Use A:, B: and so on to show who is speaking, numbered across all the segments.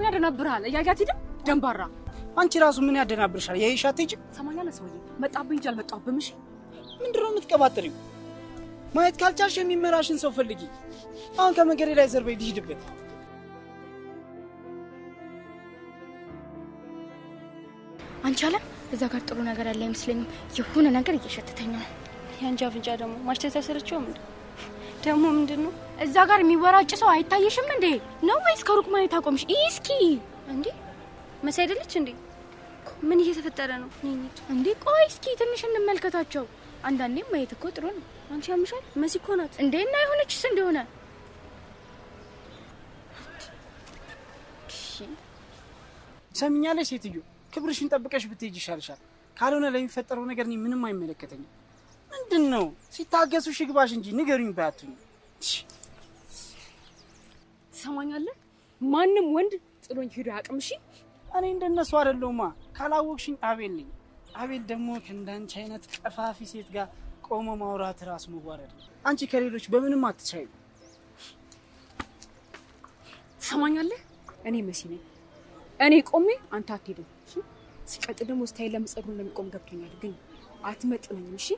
A: ምን ያደናብርሃል? እያያት ሂድም ደንባራ
B: አንቺ ራሱ ምን ያደናብርሻል? የይሻት ሂጂ
A: ሰማኛለህ። ሰውዬ መጣብኝ እንጂ አልመጣሁብም። እሺ
B: ምንድን ነው የምትቀባጥሪው? ማየት ካልቻልሽ የሚመራሽን ሰው ፈልጊ። አሁን ከመንገዴ ላይ ዘርበይ ልሂድበት።
A: አንቺ አለም እዛ ጋር ጥሩ ነገር ያለ አይመስለኝም። የሆነ ነገር እየሸተተኝ ነው።
C: የአንቺ አፍንጫ ደግሞ ማሽተት ያሰረችው ምንድን ደግሞ ምንድን ነው
A: እዛ ጋር የሚወራጭ ሰው አይታየሽም እንዴ? ነው ወይስ ከሩቅ ማየት አቆምሽ? እስኪ
C: እንዴ መሲ አይደለች እንዴ? ምን እየተፈጠረ ነው? ኒኒት
A: እንዴ ቆይ እስኪ ትንሽ እንመልከታቸው። አንዳንዴም ማየት እኮ ጥሩ ነው።
C: አንቺ ያምሻል። መሲ እኮ ናት
A: እንዴ? እና የሆነችስ እንደሆነ
B: ሰምኛለሽ። ሴትዮ ክብርሽን ጠብቀሽ ብትሄጂ ይሻልሻል። ካልሆነ ለሚፈጠረው ነገር እኔ ምንም አይመለከተኝም። ምንድን ነው ሲታገሱሽ ሽግባሽ እንጂ ንገሩኝ ባያቱኝ
A: ትሰማኛለህ? ማንም ወንድ ጥሎኝ ሄዶ አያውቅም። እሺ
B: እኔ እንደነሱ አይደለሁማ። ካላወቅሽኝ አቤል ነኝ። አቤል ደግሞ ከእንዳንቺ አይነት ቀፋፊ ሴት ጋር ቆሞ ማውራት ራሱ መዋረድ። አንቺ ከሌሎች በምንም አትቻይ።
A: ትሰማኛለህ? እኔ መሲ ነኝ። እኔ ቆሜ አንተ አትሄድም። ሲቀጥ ደግሞ ስታይል ለመጸጉር እንደሚቆም ገብቶኛል፣ ግን አትመጥነኝም። እሺ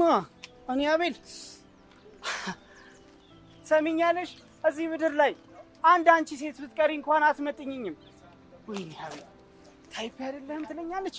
B: ማ እኔ አቤል ሰሚኛለሽ? እዚህ ምድር ላይ አንድ አንቺ ሴት ብትቀሪ እንኳን አትመጥኝኝም። ወይኔ ሀቢብ ታይፕ አይደለህም ትለኛለች።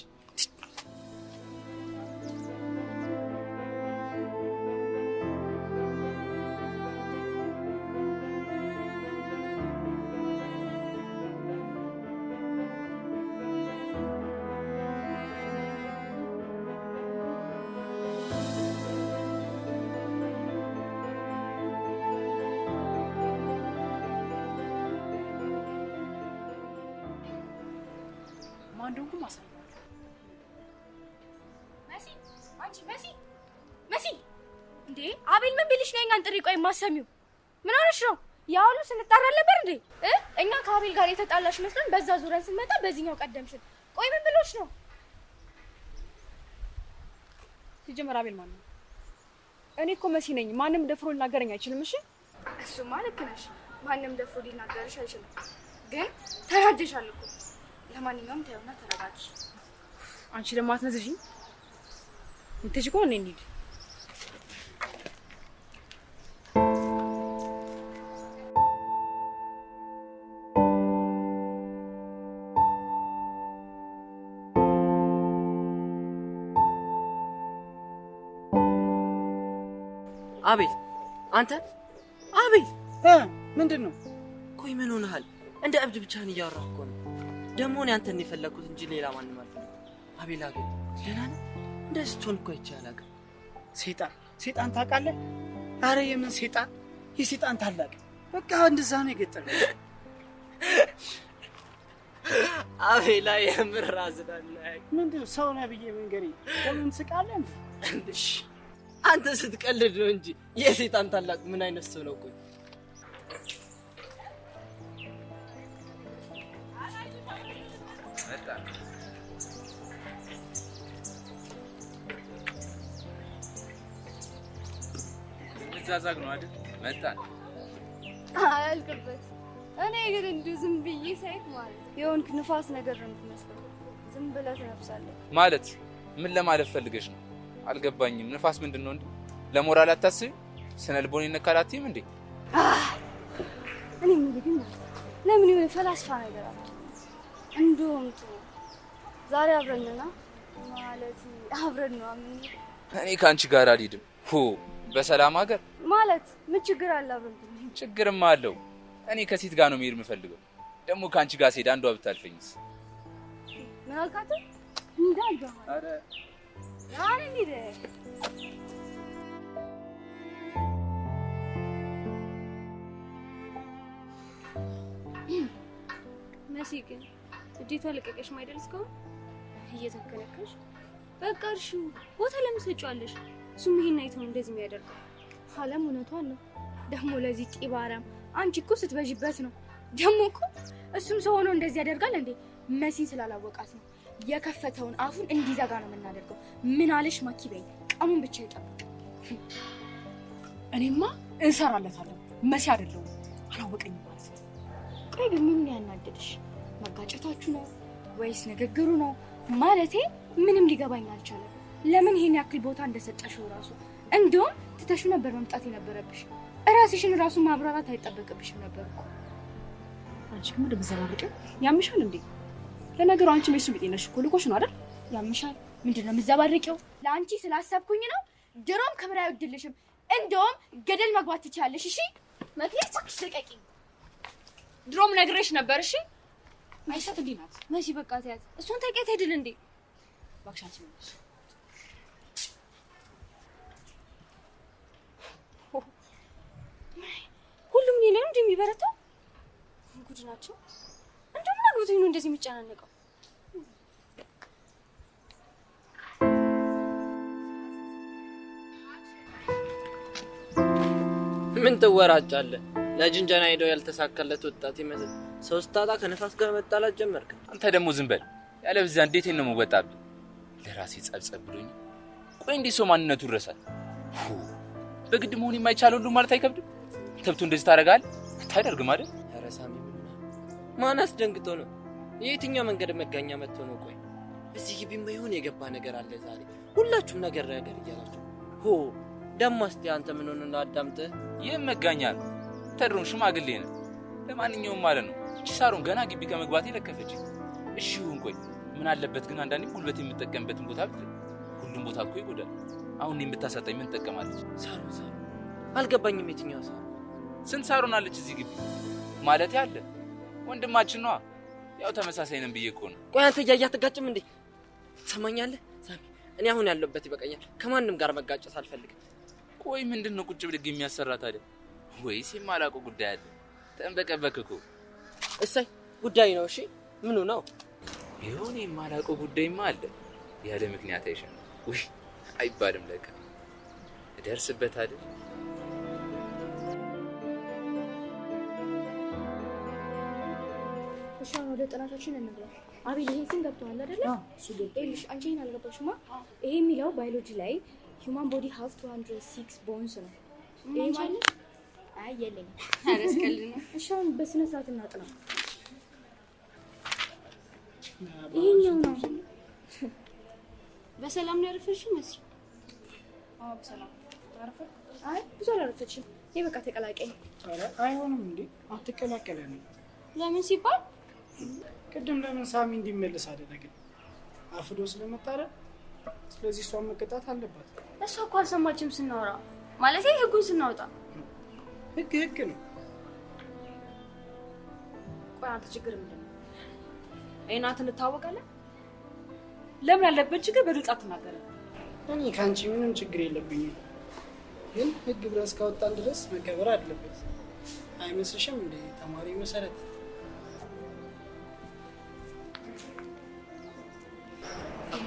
A: የማሰሚው? ምን ሆነሽ ነው? ያ ሁሉ ስንጣራ ነበር እንዴ? እኛ ከአቤል ጋር የተጣላሽ መስሎን በዛ ዙረን ስንመጣ በዚህኛው ቀደምሽን። ቆይ ምን ብሎሽ ነው? ሲጀመር አቤል ማን ነው? እኔ እኮ መሲ ነኝ። ማንም ደፍሮ ሊናገረኝ አይችልም። እሺ
C: እሱማ ልክ ነሽ። ማንም ደፍሮ ሊናገርሽ አይችልም። ግን ተናደሻል እኮ። ለማንኛውም ተይውና ተረጋጊ።
A: አንቺ ደግሞ አትነዝዥኝ። ምትጅ እኮ እኔ እንሂድ
D: አቤል አንተ አቤል ምንድን ነው? ቆይ ምን ሆነሃል? እንደ እብድ ብቻህን እያወራህ እኮ ነው። ደግሞ እኔ አንተን የፈለግኩት እንጂ ሌላ ማንም አልፈለግኩም። አቤል ግን
B: ደህና ነህ? እንደዚህ ስትሆን እኮ አይቼ አላውቅም። ሴጣን ሴጣን ታውቃለህ? አረ የምን ሴጣን የሴጣን ታላቅ በቃ እንደዛ ነው የገጠመኝ።
D: አቤላ የምር አዝናለሁ።
B: ምንድን ሰው ነህ ብዬ መንገሬ ለምን ስቃለን?
D: አንተ ስትቀልድ ነው እንጂ የሴጣን ታላቅ ምን አይነት ሰው ነው? ቆይ
E: ዛዛግ ነው አይደል? መጣ
C: አያልቅበት። እኔ ግን እንዲሁ ዝም ብዬ ሳይት ማለት የሆንክ ንፋስ ነገር ነው የምትመስለው። ዝም ብለህ ትነፍሳለህ
E: ማለት ምን ለማለት ፈልገሽ ነው? አልገባኝም። ንፋስ ምንድን ነው እንዴ? ለሞራል አታስብም? ስነ ልቦን ይነካል እንዴ?
C: እኔ ምን ግን ለምን ይሁን ፈላስፋ ነገር አለ እንደውም ዛሬ አብረን ነና ማለት አብረን ነው።
E: እኔ ከአንቺ ጋር አልሄድም። ሁ በሰላም ሀገር
C: ማለት ምን ችግር አለ? አብረን
E: ችግርም አለው። እኔ ከሴት ጋር ነው መሄድ የምፈልገው። ደግሞ ከአንቺ ጋር ስሄድ አንዷ ብታልፈኝስ?
C: ምን አልካት? እንዳልባ መሲ
A: ግን እዴቷ ለቀቀሽ ማይደል? እስካሁን እየተከለከሽ በቃ እርሺ ቦታ ለምን ሰጪዋለሽ? እሱም ይሄን አይቶ እንደዚህ የሚያደርገው ኋላም እውነቷን ነው። ደግሞ ለዚህ ጢባራም አንቺ እኮ ስትበዥበት ነው። ደግሞ እኮ እሱም ሰው ሆኖ እንደዚህ ያደርጋል እንዴ? መሲን ስላላወቃት ነው የከፈተውን አፉን እንዲዘጋ ነው የምናደርገው። ምን አለሽ ማኪ በይ፣ ቀኑን ብቻ ይጠብቅ።
B: እኔማ እንሰራለታለሁ። መሲ አይደለሁም አላወቀኝም ማለት ነው።
A: ቆይ ግን ምኑን ያናደደሽ? መጋጨታችሁ ነው ወይስ ንግግሩ ነው? ማለቴ ምንም ሊገባኝ አልቻለም። ለምን ይሄን ያክል ቦታ እንደሰጠሽው ራሱ እንዲሁም ትተሹ ነበር መምጣት የነበረብሽ። እራስሽን ራሱ ማብራራት አይጠበቅብሽም ነበር እኮ።
B: አንቺ ግን ወደ ብዘባበጭ ያምሻል እንዴ? ለነገሩ አንቺ ሜሱ ቢጤ ነሽ እኮ ልቆሽ ነው አይደል?
A: ያምሻል። ምንድን ነው የምዘባርቂው? ለአንቺ ስላሰብኩኝ ነው። ድሮም ክብር አይወድልሽም። እንደውም ገደል መግባት ትችያለሽ። እሺ መክሊት እባክሽ ድሮም ነግሬሽ ነበር። እሺ አይሻት እንዲህ ናት። መሲ በቃ ተያዝ። እሱን ተቀየት አይደል እንዴ? እባክሽ አንቺ ነሽ ሁሉም እኔ ላይ ነው እንደሚበረታው ጉድ ናቸው። እንደው ምን አግብቶኝ ነው እንደዚህ የሚጨናነቀው?
D: ምን ትወራጫለህ? ለጅንጀና ሄደው ያልተሳካለት ወጣት ይመስል ሰው ስታጣ ከነፋስ ጋር መጣላት ጀመርክ።
E: አንተ ደግሞ ዝም በል። ያለ ብዛ እንዴት ነው የምወጣብህ? ለራሴ ጸብጸብ ብሎኝ። ቆይ እንዴት ሰው ማንነቱ ይረሳል? በግድ መሆን የማይቻል ሁሉ ማለት አይከብድም። ተብቱ እንደዚህ ታደርጋለህ? አታደርግም አይደል?
D: ማን አስደንግጦ ነው? የየትኛው መንገድ መጋኛ መጥቶ ነው? ቆይ እዚህ ግቢም ይሆን የገባ ነገር አለ ዛሬ። ሁላችሁም ነገር ነገር እያላችሁ ሆ ደሞ እስቲ አንተ ምን ሆነ ነው? አዳምጥህ።
E: መጋኛ ነው። ተድሩን ሽማግሌ ነው። ለማንኛውም ማለት ነው እቺ ሳሮን ገና ግቢ ከመግባት የለከፈች። እሺ ይሁን። ቆይ ምን አለበት ግን አንዳንዴ ጉልበት የምጠቀምበትን ቦታ ብትል፣ ሁሉም ቦታ እኮ ይጎዳል። አሁን የምታሳጣኝ ምን ትጠቀማለች?
D: ሳሩ ሳሩ አልገባኝም። የትኛው ሳሮን?
E: ስንት አለች እዚህ ግቢ ማለት ያለ ወንድማችን ነዋ። ያው ተመሳሳይ ነን ብዬ እኮ ነው።
D: ቆይ አንተ እያየህ አትጋጭም እንዴ? ትሰማኛለህ ሳሚ? እኔ አሁን ያለበት ይበቃኛል። ከማንም ጋር መጋጨት አልፈልግም።
E: ቆይ ምንድን ነው ቁጭ ብድግ የሚያሰራ ታዲያ? ወይስ የማላውቀው ጉዳይ አለ? ተንበቀበክ እኮ።
D: እሰይ ጉዳይ ነው። እሺ ምኑ ነው?
E: የሆነ የማላውቀው ጉዳይማ አለ። ያለ ምክንያት አይሻልም? ውይ አይባልም። ለካ እደርስበት አይደል
A: እሺ አሁን ወደ ጥናታችን እንግባ። አቤል ይሄ ስም ገብቶሃል አይደለ? ይኸውልሽ አንቺ ይሄን አልገባሽማ። ይሄ የሚለው ባዮሎጂ ላይ ሂውማን ቦዲ ሃዝ 206 ቦንስ ነው። ይሄ ማለት አይ የለኝም። እሺ አሁን በስነ ስርዓት እናጥና። ይሄኛው ነው። በሰላም ነው ያረፈችው መስሪ? አዎ በሰላም አይ ብዙ አላረፈችም። ይሄ በቃ ተቀላቀይ።
B: አይሆንም እንዴ አትቀላቀለንም።
A: ለምን ሲባል
B: ቅድም ለምን ሳሚ እንዲመለስ አደረግን? አፍዶ ስለመታረን። ስለዚህ እሷን መቀጣት አለባት።
A: እሷ እኮ አልሰማችም ስናወራ፣ ማለት ህጉን ስናወጣ።
B: ህግ ህግ ነው።
A: ቆይ አንተ ችግር ምንድን ነው? እናት እንታወቃለን። ለምን ያለበት ችግር በግልጽ አትናገረን?
B: እኔ ከአንቺ ምንም ችግር የለብኝም፣ ግን ህግ ብለን እስካወጣን ድረስ መከበር አለበት። አይመስልሽም? እንደ ተማሪ መሰረት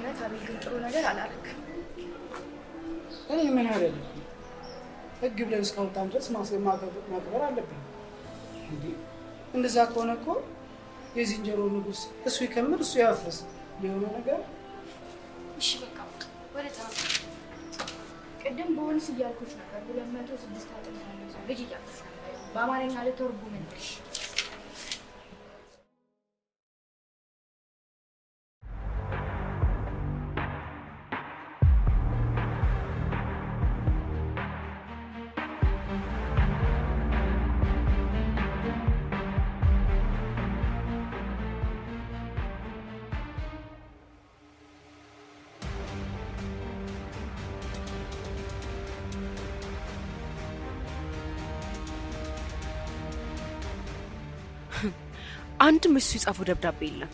A: እውነት አቤል ግን ጥሩ ነገር አላረክም።
B: እኔ ምን አይደለም ህግ ብለን እስካወጣን ድረስ ማክበር አለብን። እንደዛ ከሆነ እኮ የዝንጀሮ ንጉስ እሱ ይከምር እሱ ያፈስ ሊሆነ ነገር።
A: እሺ በቃ ወደ ቅድም በሆንስ ነበር። ሁለት መቶ ስድስት አጥንት ያለው ልጅ ነበር። በአማርኛ ልተርጉምልሽ
B: አንድም እሱ የጻፈው ደብዳቤ የለም።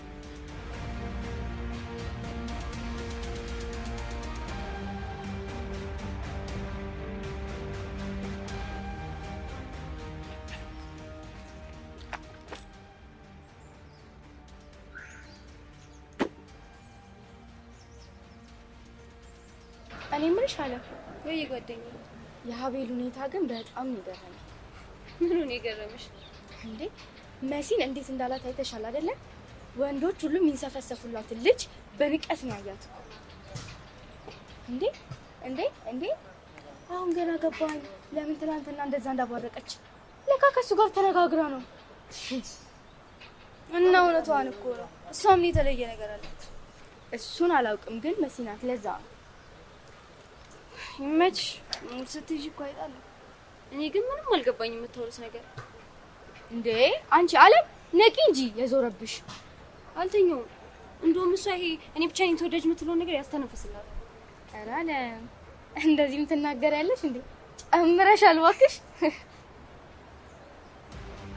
A: እኔ የምልሽ አለ
C: ወይ ጓደኛዬ፣
A: የሀቤል ሁኔታ ግን በጣም ይገርማል።
C: ምኑን የገረመሽ
A: እንዴ? መሲን እንዴት እንዳላት አይተሻል አይደለም? ወንዶች ሁሉም የሚንሰፈሰፉላትን ልጅ በንቀት ነው ያያት። እንዴ እንዴ እንዴ! አሁን ገና ገባኝ። ለምን ትናንትና እንደዛ እንዳባረቀች ለካ ከሱ ጋር ተነጋግራ ነው። እና እውነቷን እኮ ነው። እሷ ምን የተለየ ነገር አላት? እሱን አላውቅም፣ ግን መሲ ናት። ለዛ ነው
C: ይመች ስትይ እኮ አይጣለሁ። እኔ ግን ምንም አልገባኝ የምታወሩት ነገር
A: እንዴ አንቺ አለም ነቂ እንጂ የዞረብሽ።
C: አልተኛውም። እንደውም እሷ ይሄ እኔ ብቻ ነኝ ተወዳጅ የምትለውን ነገር ያስተነፍስላል። ኧረ አለም እንደዚህም ያለሽ እንዴ? ጨምረሻል እባክሽ።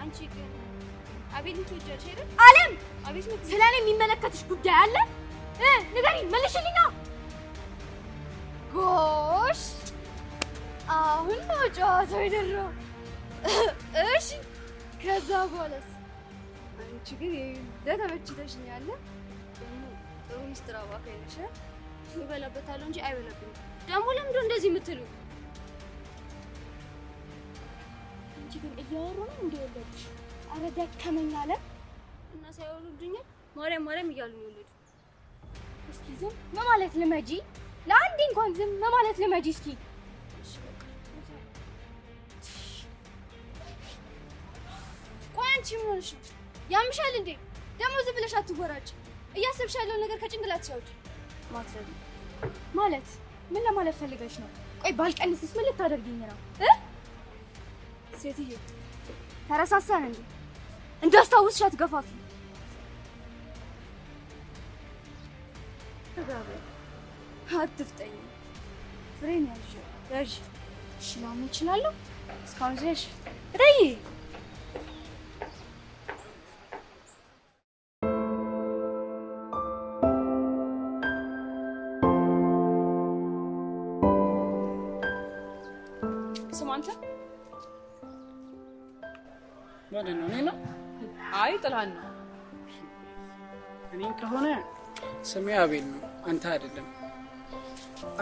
A: አንቺ አቤት አቤልን ትወጃለሽ አይደል? አለም አቤት፣ ስለ እኔ የሚመለከትሽ ጉዳይ አለ እ ንገሪኝ መልሽልኛ።
C: ጎሽ አሁን ነው ጨዋታው የደረው። እሺ ከዛ በኋላስ አንቺ ግን ተመችተሽኛል። ደግሞ ጥሩ ሚስጥር አዋካ ይነሻል። ይበላበታለሁ እንጂ አይበላብኝም። ደግሞ ለምዶ እንደዚህ የምትሉ አንቺ ግን እያወሩ ነው እንደ ወለድሽ አረዳ ከመኛ አለ እና ሳይወሉብኛል ማርያም ማርያም እያሉ ነው እስኪ ዝም ማለት ልመጂ፣ ለአንዴ እንኳን ዝም ማለት ልመጂ እስኪ
A: አንቺ ምን ሆነሽ ነው? ያምሻል እንዴ? ደግሞ ዝም ብለሽ አትወራጭ። እያሰብሽ ያለውን ነገር ከጭንቅላት ያውጭ። ማትረቢ ማለት ምን ለማለት ፈልገሽ ነው? ቆይ ባልቀንስስ ምን ልታደርጊኝ ነው? ሴትዬ ተረሳሳን እንዴ? እንዳስታውስሽ አትገፋፊ።
C: አትፍጠኝ ፍሬን ያዥ ያዥ
A: ሽማም እችላለሁ እስካሁን ሽ አንተ ወደ ነው። እኔ ነው አይ ጥላን ነው።
B: እኔን ከሆነ
D: ስሜ አቤል ነው፣ አንተ አይደለም።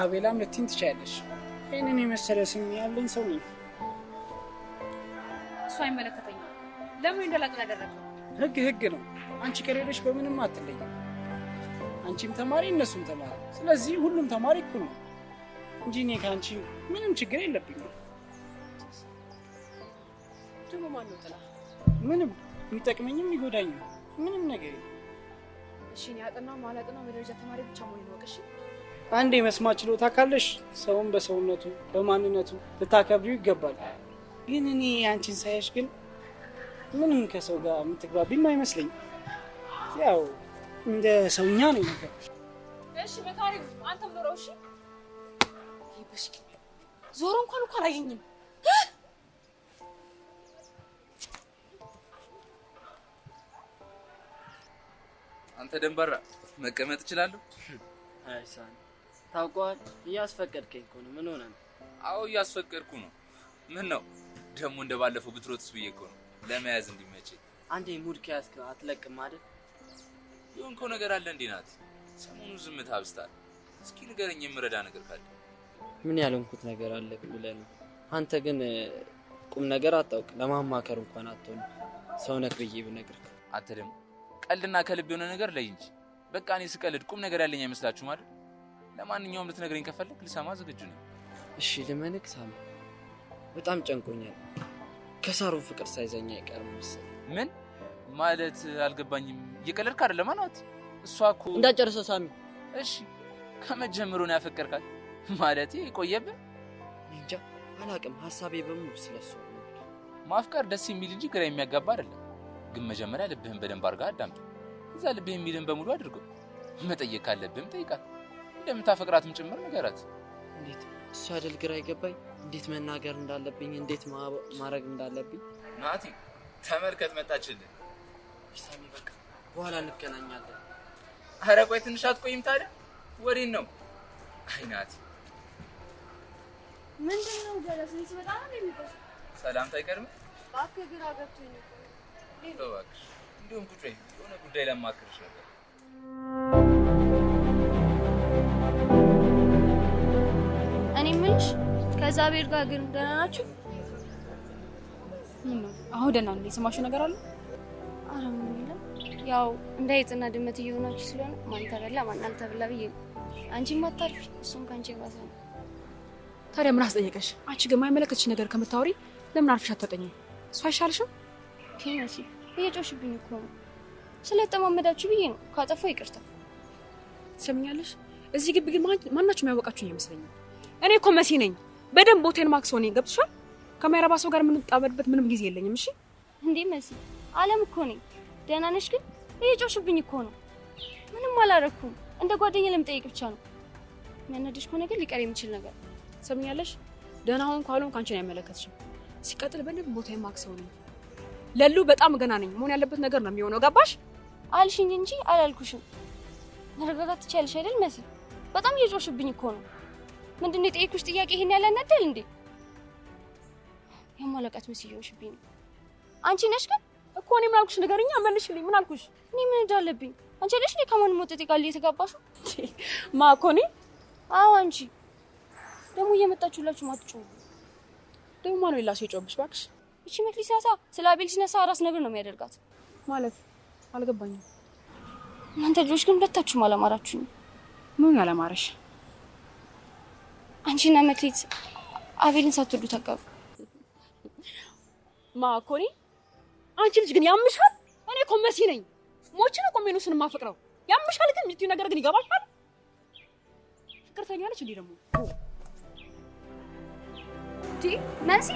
D: አቤላም ልትይኝ ትችያለሽ። ይህንን የመሰለ ስሜ ያለኝ ሰው ነኝ።
A: እሱ አይመለከተኝም። ለምን እንደላቅን ያደረገው
B: ህግ ህግ ነው። አንቺ ከሌሎች በምንም አትለይም። አንቺም ተማሪ እነሱም ተማሪ። ስለዚህ ሁሉም ተማሪ እኩል ነው እንጂ እኔ ከአንቺ ምንም ችግር የለብኝ
A: ደግሞ ማን ነው ጥላ?
B: ምንም የሚጠቅመኝም የሚጎዳኝም ምንም ነገር የለም።
A: እሺ እኔ ተማሪ ብቻ መሆን
B: አንድ የመስማት ችሎታ ካለሽ ሰውን በሰውነቱ በማንነቱ ልታከብሪው ይገባል። ግን እኔ አንቺን ሳያሽ ግን ምንም ከሰው ጋር የምትግባቢም አይመስለኝ። ያው እንደ ሰውኛ ነው
A: እሺ አንተም ኖረው እሺ ዞሮ እንኳን እኮ አላየኝም
E: አንተ ደንባራ መቀመጥ እችላለሁ?
D: አይ ሳን ታውቀዋል። እያስፈቀድከኝ እኮ ነው። ምን ሆነ ነው?
E: አዎ እያስፈቀድኩ ነው። ምን ነው ደግሞ እንደባለፈው ብትሮጥስ ብዬ እኮ ነው ለመያዝ እንዲመቼ።
D: አንዴ ሙድ ከያዝክ አትለቅም አይደል?
E: የሆንከው ነገር አለ እንዴ? ናት ሰሞኑን ዝምታ ስኪ እስኪ ንገረኝ የምረዳ ነገር ካለ።
D: ምን ያልሆንኩት ነገር አለ ብለህ ነው። አንተ ግን ቁም ነገር አታውቅ፣ ለማማከር እንኳን አትሆንም። ሰውነት ብዬ ብነግርህ
E: አንተ ደግሞ ቀልድና ከልብ የሆነ ነገር ለይ እንጂ በቃ እኔ ስቀልድ ቁም ነገር ያለኝ አይመስላችሁም ማለት ለማንኛውም ልትነግረኝ ከፈለግ ልሰማ ዝግጁ ነው።
D: እሺ ልመንክ ሳም በጣም ጨንቆኛል። ከሳሩ ፍቅር ሳይዘኛ አይቀርም
E: ምን ማለት አልገባኝም። እየቀለድ አይደለም ናት? እሷ እኮ
A: እንዳጨርሰ ሳሚ።
E: እሺ ከመጀመሩ ነው ማለት ይቆየብን
D: እንጃ አላቅም። ሀሳቤ በሙሉ ስለሱ
E: ማፍቀር ደስ የሚል እንጂ ግራ የሚያጋባ አይደለም። ግን መጀመሪያ ልብህን በደንብ አድርጋ አዳምጥ። እዛ ልብህ የሚልን በሙሉ አድርገው። መጠየቅ ካለብህም ጠይቃት፣ እንደምታፈቅራትም ጭምር ንገራት።
D: እንዴት እሱ አይደል ግራ አይገባኝ፣ እንዴት መናገር እንዳለብኝ፣ እንዴት ማድረግ እንዳለብኝ።
E: ናቲ ተመልከት፣ መጣችልን።
D: ሳሚ በቃ በኋላ እንገናኛለን።
E: ኧረ ቆይ ትንሽ አትቆይም ታዲያ? ወዴን ነው? አይ ናቲ
A: ምንድን ነው ገለስ?
E: ሰላምታ አይቀድምም?
A: እባክህ ግራ ገብቶኝ
E: ይህ ነው እባክሽ። እንዲሁም ጉዳይ የሆነ ጉዳይ ላማክርሽ ነበር።
A: እኔ የምልሽ ከዛ ቤር ጋር ግን ደህና ናችሁ? አሁን ደህና ነው። የሰማሽው ነገር አለ?
C: አረ ምን የለም። ያው እንደ አይጥና ድመት እየሆናችሁ ስለሆነ ማን ተበላ ማን አልተበላ ብዬ አንቺ ማታርፊ እሱም ከአንቺ ባሰ ነው።
A: ታዲያ ምን አስጠየቀሽ? አንቺ ግን የማይመለከትሽ ነገር ከምታወሪ ለምን አርፈሽ አታጠኚም? እሱ አይሻልሽም?
C: እየጮሽብኝ እኮ ነው። ስለተማመዳችሁ ብዬ ነው። ካጠፋው ይቅርታ።
A: ትሰምኛለሽ? እዚህ ግቢ ግን ማናችሁ ያወቃችሁኝ አይመስለኝም። እኔ እኮ መሲ ነኝ። በደንብ ቦቴን ማክስ ሆኔ ገብቶሻል። ከማይረባ ሰው ጋር የምንጣመድበት ምንም ጊዜ የለኝም። እሺ
C: እንዴ መሲ፣ አለም እኮ ነኝ። ደህና ነሽ? ግን እየጮሽብኝ እኮ ነው። ምንም አላረኩም። እንደ ጓደኛ ለምጠይቅ ብቻ ነው። የሚያናድሽ ከሆነ ግን ሊቀር የሚችል ነገር
A: ትሰምኛለሽ? ደህና ሆን ካሉን ካንቺን አይመለከትሽም። ሲቀጥል በደንብ ቦቴን ማክስ ሆኔ ለሉ በጣም ገና ነኝ። መሆን ያለበት ነገር ነው የሚሆነው። ገባሽ?
C: አልሽኝ እንጂ አላልኩሽም። መረጋጋት ትችያለሽ አይደል? መሲ በጣም እየጮሽብኝ እኮ ነው። ምንድን ነው የጠየኩሽ ጥያቄ? ይሄን ያለ ነደል እንዴ? የማለቀት መሲ እየሆንሽብኝ ነው። አንቺ ነሽ ግን
A: እኮ እኔ ምን አልኩሽ? ንገሪኛ፣ መልሽልኝ። ምን አልኩሽ? እኔ ምን እንዳለብኝ አንቺ አለሽ እኔ ከማንም ወጥቴ ጋር እየተጋባሽው ማኮኒ።
C: አዎ አንቺ ደግሞ እየመጣችሁላችሁ ማትጮሁ
A: ደግሞ ማነው የላሰው የጮህብሽ? እባክሽ
C: እቺ መክሊሳሳ ስለ አቤል ሲነሳ አራስ ነብር ነው የሚያደርጋት
A: ማለት አልገባኝም።
C: እናንተ ልጆች ግን ሁለታችሁም አላማራችሁኝ።
A: ምን አላማረሽ?
C: አንቺና መክሊት አቤልን ሳትወዱ ተቀሩ።
A: ማኮኔ አንቺ ልጅ ግን ያምሻል። እኔ እኮ መሲ ነኝ። ሞቼ ነው ቆሜኑስን ማፈቅረው። ያምሻል ግን የምትይው ነገር ግን ይገባሻል። ፍቅርተኛ ነች እንዴ ደግሞ
C: መሲ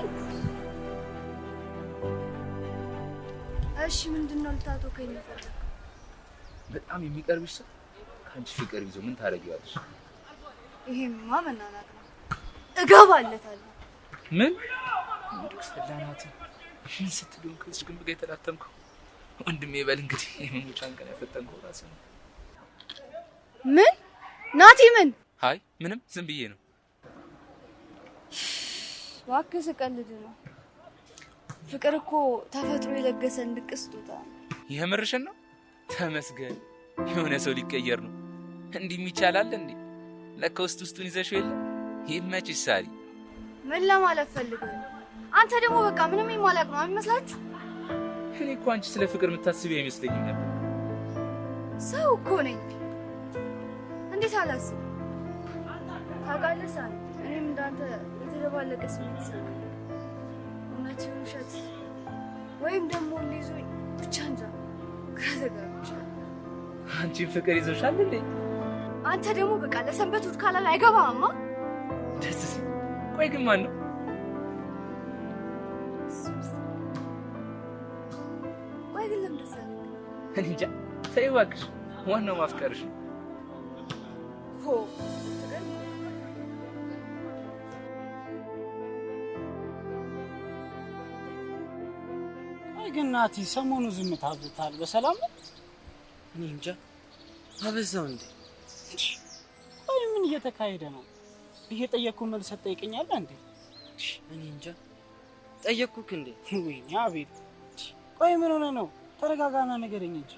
C: እሺ ምንድን ነው ልታቶከኝ የፈለገው?
E: በጣም የሚቀርብሽ ሰው ከአንቺ ፍቅር ይዞ ምን ታደርጊዋለሽ?
C: ይሄማ መናናቅ ነው። እገባለታለሁ።
E: ምን
D: ስላናት ምን ስትሉን ከዚህ ግንብ ጋር የተላተምከው ወንድሜ በል እንግዲህ የመሞቻን ቀን ያፈጠንከው ራስ ነው።
A: ምን ናቲ? ምን
E: አይ ምንም ዝም ብዬ ነው።
C: እባክህ ስቀልድ ነው። ፍቅር እኮ ተፈጥሮ የለገሰን ድንቅ ስጦታ ነው።
E: የምርሽን ነው? ተመስገን የሆነ ሰው ሊቀየር ነው። እንዲህ ይቻላል እንዴ? ለካ ውስጥ ውስጡን ይዘሽው የለ። ይመችሽ ሳሪ።
C: ምን ለማለት ፈልገው አንተ ደግሞ በቃ ምንም የማላቅ ነው አይመስላችሁ?
E: እኔ እኮ አንቺ ስለ ፍቅር የምታስቢ አይመስለኝም ነበር።
C: ሰው እኮ ነኝ፣ እንዴት አላስብ ታውቃለህ? ሳሪ እኔም እንዳንተ የተደባለቀ ስሜት ይሰማል። እውነትን ውሸት ወይም ደግሞ እንዲይዞ ብቻ እንጃ ግራ
E: አንቺ ፍቅር ይዞሻል እንዴ?
C: አንተ ደግሞ በቃ ለሰንበት ውድ ካላል አይገባማ።
E: ደስ ቆይ ግን ማን ነው
C: ቆይ ግን ለምደሰ
E: እንጃ። ተይ እባክሽ፣ ዋናው ማፍቀርሽ ሆ
B: ግን ናቲ ሰሞኑ ዝምታ አብዝታል። በሰላም ነው?
D: እኔ እንጃ አበዛው እንዴ?
B: ቆይ ምን እየተካሄደ ነው? እየጠየቅኩ መልስ ትጠይቀኛለህ እንዴ?
D: እኔ እንጃ እንዴ?
B: ወይኔ አቤት። ቆይ ምን ሆነ ነው? ተረጋጋና ንገረኝ እንጂ።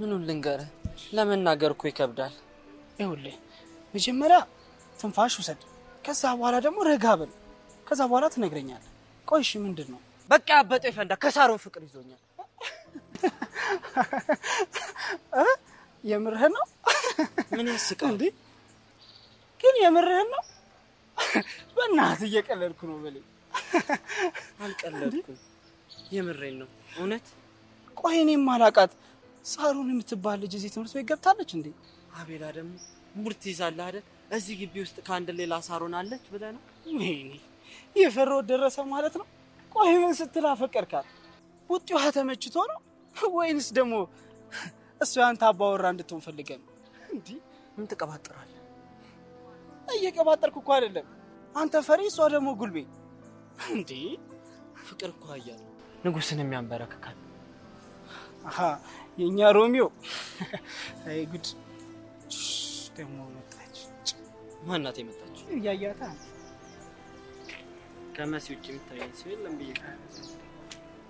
D: ምኑን ልንገርህ? ለመናገር እኮ ይከብዳል።
B: ይኸውልህ መጀመሪያ ትንፋሽ ውሰድ፣ ከዛ በኋላ ደግሞ ረጋ በል፣ ከዛ በኋላ ትነግረኛለህ። ቆይሽ ምንድን ነው በቃ ያበጠ ይፈንዳ። ከሳሩን ፍቅር ይዞኛል። የምርህ ነው? ምን ያስቃል እንዴ? ግን የምርህ ነው? በእናት እየቀለድኩ ነው። በል
D: አልቀለድኩም፣ የምሬን ነው። እውነት
B: ቆይ፣ እኔም አላውቃት ሳሮን የምትባል ልጅ እዚህ ትምህርት ቤት ገብታለች እንዴ?
D: አቤላ ደግሞ ሙርት ይዛለ አይደል? እዚህ ግቢ ውስጥ ከአንድ ሌላ ሳሩን አለች ብለህ ነው?
B: ወይኔ የፈሮ ደረሰ ማለት ነው። ቆይ ምን ስትል አፈቀርካት? ውጤዋ ተመችቶ ነው ወይንስ ደግሞ እሱ ያንተ አባወራ እንድትሆን ፈልገን?
D: እንዲህ ምን ትቀባጥራለህ?
B: እየቀባጠርኩ እኮ አይደለም። አንተ ፈሪ፣ እሷ ደግሞ ጉልቤ። እንዴ
D: ፍቅር እኮ አያለ ንጉስን የሚያንበረክካል።
B: የእኛ ሮሚዮ። አይ ጉድ! ደግሞ መጣች።
D: ማናት የመጣች? እያያታ ከመሲ ውጭ የምታየኝ ሰው የለም ብዬ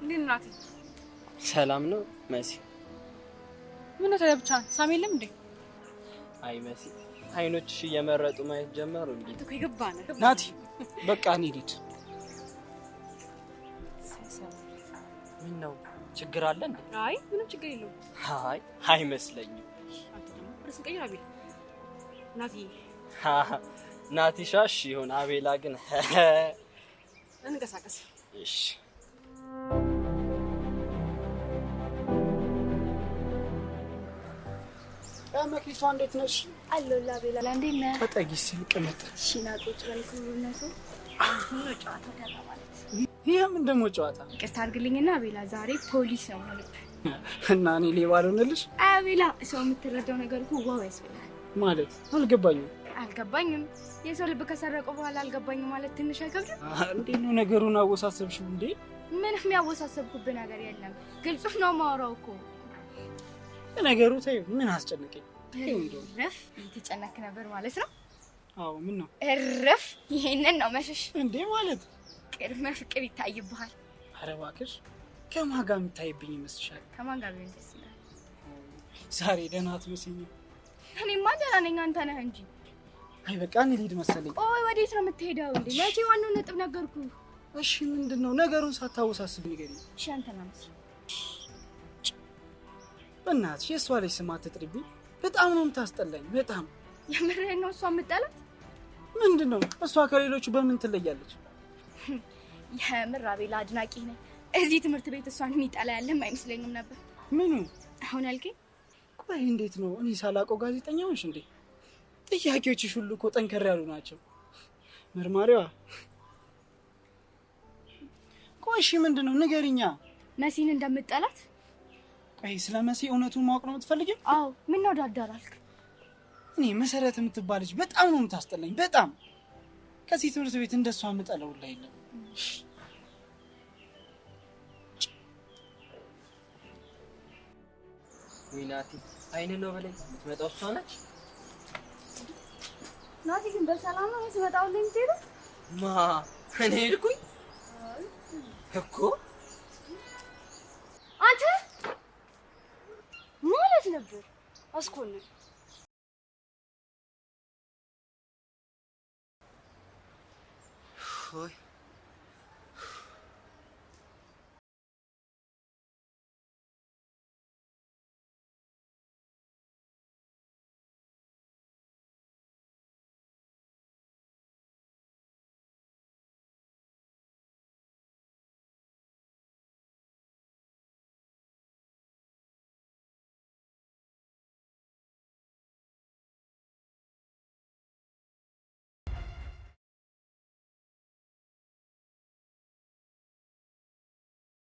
D: እንዴት ናት? ሰላም ነው መሲ?
A: ምን ተለብቻ ሳሚ የለም እንዴ?
D: አይ መሲ አይኖችሽ እየመረጡ ማየት ጀመሩ እንዴ?
A: ይገባ ነው
B: ናቲ። በቃ እኔ ልሂድ።
D: ምን ነው ችግር አለ እንዴ?
A: አይ ምንም ችግር የለውም።
D: አይ አይመስለኝም። ናቲ ናቲ ሻሽ ይሁን አቤላ ግን
A: እንንቀሳቀስ። እሺ
B: መክሊቷ እንዴት ነሽ?
C: አለሁላ ቤላ እንዴት ነህ?
B: ተጠጊ ሲልቅመጥ
C: ሺናቆች በልኩነቱ ጨዋታ ማለት
B: ይህም ደግሞ ጨዋታ
C: ቅርታ አድርግልኝና ቤላ ዛሬ ፖሊስ ነው ማለት
B: እና እኔ ሌባ ልሆንልሽ?
C: አቤላ ሰው የምትረዳው ነገር ዋው ያስብላል
B: ማለት አልገባኝም።
C: አልገባኝም። የሰው ልብ ከሰረቀው በኋላ አልገባኝም ማለት ትንሽ አይከብድም?
B: እንዴት ነው ነገሩን አወሳሰብሽው እንዴ?
C: ምንም ያወሳሰብኩብህ ነገር የለም። ግልጹ ነው ማውራው እኮ
B: ነገሩ። ተይው፣ ምን አስጨነቀኝ?
C: እረፍ። እየተጨነክ ነበር ማለት ነው? አዎ። ምን ነው እረፍ? ይሄንን ነው መሸሽ እንዴ ማለት? ቅድመ ፍቅር ይታይብሃል።
B: ኧረ እባክሽ ከማን ጋር የምታይብኝ ይመስልሻል?
C: ከማን ጋር ቢሆን ደስ ይላል?
B: ዛሬ ደህና አትመስይኝም።
C: እኔማ ደህና ነኝ፣ አንተ ነህ እንጂ
B: አይ በቃ እኔ መሰለኝ።
C: ቆይ ወዴት ነው የምትሄደው እንዴ? መቼ ዋናው ነጥብ ነገርኩ።
B: እሺ ምንድን ነው ነገሩን ሳታወሳስብ ንገሪ።
C: እሺ አንተ ናምስ
B: በእናትሽ የእሷ ላይ ስም አትጥሪብኝ። በጣም ነው የምታስጠላኝ። በጣም
C: የምሬን ነው። እሷ የምጠላት
B: ምንድን ነው? እሷ ከሌሎቹ በምን ትለያለች?
C: የምር አቤላ አድናቂ ነኝ። እዚህ ትምህርት ቤት እሷን የሚጠላ ያለም አይመስለኝም ነበር። ምኑ አሁን ያልከኝ?
B: ቆይ እንዴት ነው እኔ ሳላውቀው ጋዜጠኛ ሆንሽ እንዴ? ጥያቄዎችሽ ሁሉ እኮ ጠንከር ያሉ ናቸው። መርማሪዋ ቆሺ ምንድን ነው ንገሪኛ።
C: መሲን እንደምጠላት
B: ቆይ፣ ስለ መሲ እውነቱን ማወቅ ነው የምትፈልጊው?
C: አዎ። ምን ነው ዳዳላልክ?
B: እኔ መሰረት የምትባለች በጣም ነው የምታስጠላኝ። በጣም ከዚህ ትምህርት ቤት እንደሷ የምጠለው ላይ የለም።
D: ወይናቲ አይን ነው በላይ የምትመጣው እሷ ነች።
C: ናቲ ግን በሰላም ነው ስመጣው ላይ የምትሄደው?
D: ማ እኔ ሄድኩኝ እኮ
C: አንተ ማለት ነበር አስኮነ